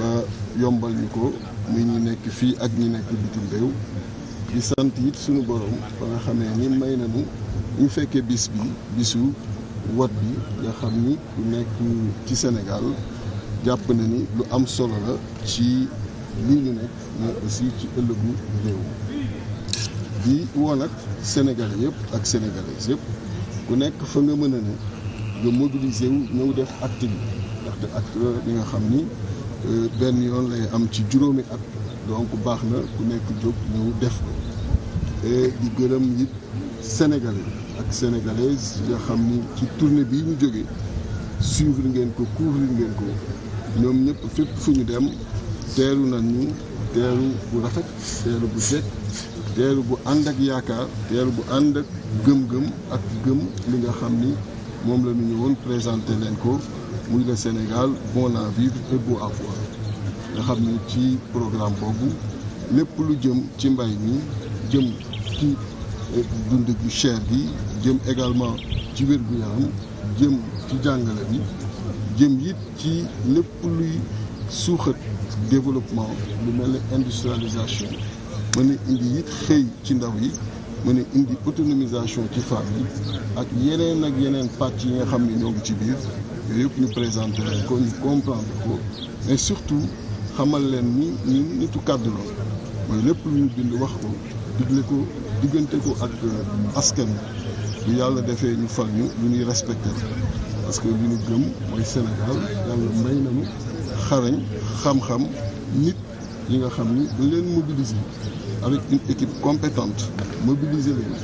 ba yombal ñu ko ñu ñu nekk fii ak ñu nekk bitim réew di sant it suñu borom ba nga xamee ni may na nañu ñu fekkee bis bi bisu wat bi nga xam ni ku nekk ci senegal jàpp na ni lu am solo la ci lii ñu nekk mais aussi ci ëllëgu réew di woon ak Sénégal yëpp ak sénégalais yëpp ku nekk fa nga mën ni ne nga ñëw def acte bi ndaxte acte li nga xam ni Euh, benn yoon lay am ci juróomi at donc baax na ku nekk jóg ñëw def ko di gërëm it sénégalais ak sénégalaises yoo xam ni ci tournée bii ñu jóge suivre ngeen ko couvrir ngeen ko ñoom ñëpp fépp fu ñu dem teeru nañu teeru bu rafet teeru bu set teeru bu ànd ak yaakaar teeru bu ànd ak gëm-gëm ak gëm li nga xam ni moom la ñu ñëwoon présenté leen ko muy le Sénégal bon à vivre et nga xam ni ci programme boobu lépp lu jëm ci mbay mi jëm ci eh, dund gu cher gi jëm également ci wér-gu-yaram jëm ci jàngale bi jëm it ci lépp luy suuxat développement lu mel ne industrialisation mën a indi it xëy ci ndaw yi mën a indi autonomisation ci femmes yi ak yeneen ak yeneen pàcc yi nga xam ni ñoo ngi ci biir yëpp ñu présenté leen ko ñu comprendre ko mais surtout xamal leen ni ñun nitu kàddu la mooy lépp lu ñu bind wax ko digle ko diggante ko ak euh, askan bi yàlla defee ñu fal ñu lu ñuy respecté parce que li ñu gëm mooy Sénégal yàlla may nañu xarañ xam-xam nit yi nga xam ni dañ leen mobiliser avec une équipe compétente mobiliser leen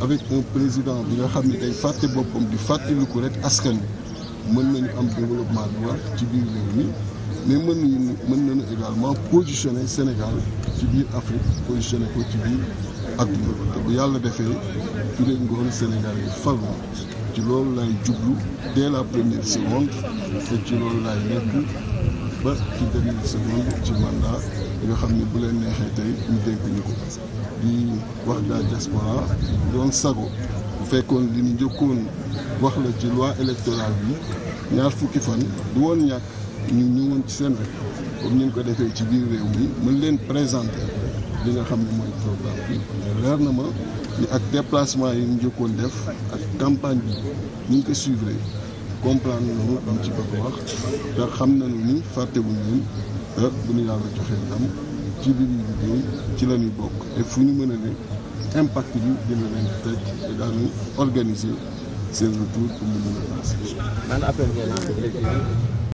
avec un président bi nga xam ni day fàtte boppam di fàttaliku rek askan bi mën nañu am développement bi war ci biir réew mi mais mën nañu mën nañu également positionner Sénégal ci biir Afrique positionner ko ci biir adduna te bu yàlla defee fi leen ngoon Sénégal yi falu ci loolu laay jublu dès la première seconde te ci loolu laay nekk ba ci dernière seconde ci mandat nga xam ni bu leen neexee tey ñu dénk ñu ko di wax daa diaspora doon sago fekkoon li ñu njëkkoon wax la ci loi électorale bi ñaar fukki fan du woon ñàkk ñu ñëwoon ci seen rek comme ni ko defee ci biir réew mi mën leen présenté li nga xam ne mooy programme bi leer na ma ni ak déplacement yi ñu njëkkoon def ak campagne bi ni ñu ko suivre comprendre nañu am ci bëgg wax te xam nañu ni fàttewuñ leen ah, bu ñu yàlla joxee ndam ci biir liggéey ci la bokk te fu ñu mën a ne impact bi dina leen fekk te daanu organiser seen retour pour mu mën a lancer.